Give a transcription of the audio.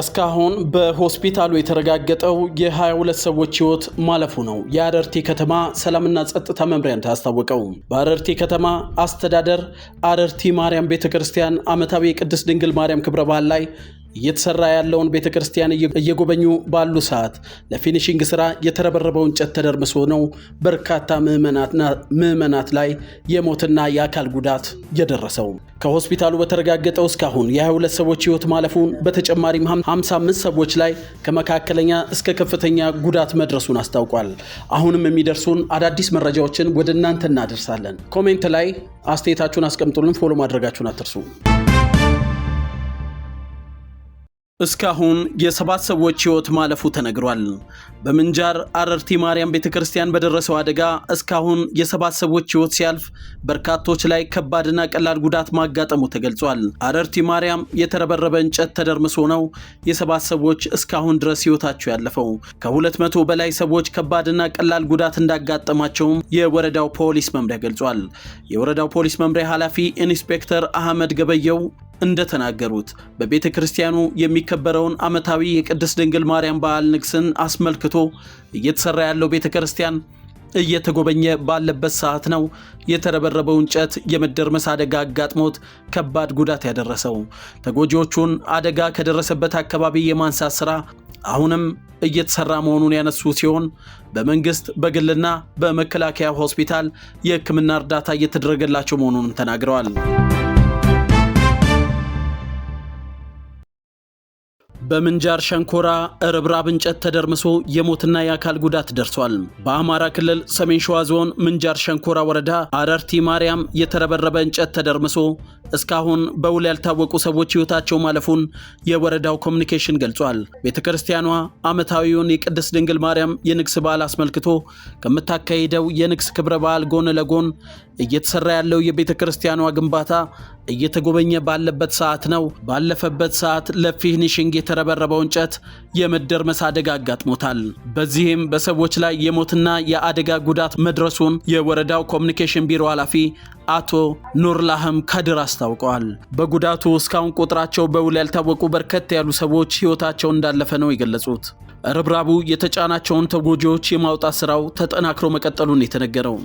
እስካሁን በሆስፒታሉ የተረጋገጠው የ22 ሰዎች ህይወት ማለፉ ነው የአረርቲ ከተማ ሰላምና ጸጥታ መምሪያ ታስታወቀው። በአረርቲ ከተማ አስተዳደር አረርቲ ማርያም ቤተ ክርስቲያን ዓመታዊ የቅድስት ድንግል ማርያም ክብረ በዓል ላይ እየተሰራ ያለውን ቤተ ክርስቲያን እየጎበኙ ባሉ ሰዓት ለፊኒሽንግ ስራ የተረበረበው እንጨት ተደርምሶ ነው በርካታ ምዕመናት ላይ የሞትና የአካል ጉዳት የደረሰው። ከሆስፒታሉ በተረጋገጠው እስካሁን የ22 ሰዎች ህይወት ማለፉን በተጨማሪም 55 ሰዎች ላይ ከመካከለኛ እስከ ከፍተኛ ጉዳት መድረሱን አስታውቋል። አሁንም የሚደርሱን አዳዲስ መረጃዎችን ወደ እናንተ እናደርሳለን። ኮሜንት ላይ አስተያየታችሁን አስቀምጡልን። ፎሎ ማድረጋችሁን አትርሱ። እስካሁን የሰባት ሰዎች ሕይወት ማለፉ ተነግሯል። በምንጃር አረርቲ ማርያም ቤተ ክርስቲያን በደረሰው አደጋ እስካሁን የሰባት ሰዎች ሕይወት ሲያልፍ በርካቶች ላይ ከባድና ቀላል ጉዳት ማጋጠሙ ተገልጿል። አረርቲ ማርያም የተረበረበ እንጨት ተደርምሶ ነው የሰባት ሰዎች እስካሁን ድረስ ሕይወታቸው ያለፈው። ከሁለት መቶ በላይ ሰዎች ከባድና ቀላል ጉዳት እንዳጋጠማቸውም የወረዳው ፖሊስ መምሪያ ገልጿል። የወረዳው ፖሊስ መምሪያ ኃላፊ ኢንስፔክተር አህመድ ገበየው እንደተናገሩት በቤተ ክርስቲያኑ የሚከበረውን ዓመታዊ የቅድስት ድንግል ማርያም በዓል ንግስን አስመልክቶ እየተሰራ ያለው ቤተ ክርስቲያን እየተጎበኘ ባለበት ሰዓት ነው የተረበረበው እንጨት የመደርመስ አደጋ አጋጥሞት ከባድ ጉዳት ያደረሰው። ተጎጂዎቹን አደጋ ከደረሰበት አካባቢ የማንሳት ሥራ አሁንም እየተሰራ መሆኑን ያነሱ ሲሆን በመንግስት በግልና በመከላከያ ሆስፒታል የሕክምና እርዳታ እየተደረገላቸው መሆኑንም ተናግረዋል። በምንጃር ሸንኮራ እርብራብ እንጨት ተደርምሶ የሞትና የአካል ጉዳት ደርሷል። በአማራ ክልል ሰሜን ሸዋ ዞን ምንጃር ሸንኮራ ወረዳ አረርቲ ማርያም የተረበረበ እንጨት ተደርምሶ እስካሁን በውል ያልታወቁ ሰዎች ሕይወታቸው ማለፉን የወረዳው ኮሚኒኬሽን ገልጿል። ቤተ ክርስቲያኗ ዓመታዊውን የቅድስት ድንግል ማርያም የንግስ በዓል አስመልክቶ ከምታካሂደው የንግስ ክብረ በዓል ጎን ለጎን እየተሰራ ያለው የቤተ ክርስቲያኗ ግንባታ እየተጎበኘ ባለበት ሰዓት ነው። ባለፈበት ሰዓት ለፊኒሽንግ የተረበረበው እንጨት የመደርመስ አደጋ አጋጥሞታል። በዚህም በሰዎች ላይ የሞትና የአደጋ ጉዳት መድረሱን የወረዳው ኮሚኒኬሽን ቢሮ ኃላፊ አቶ ኑርላህም ከድር አስታውቀዋል። በጉዳቱ እስካሁን ቁጥራቸው በውል ያልታወቁ በርከት ያሉ ሰዎች ሕይወታቸው እንዳለፈ ነው የገለጹት። ርብራቡ የተጫናቸውን ተጎጂዎች የማውጣት ስራው ተጠናክሮ መቀጠሉን የተነገረው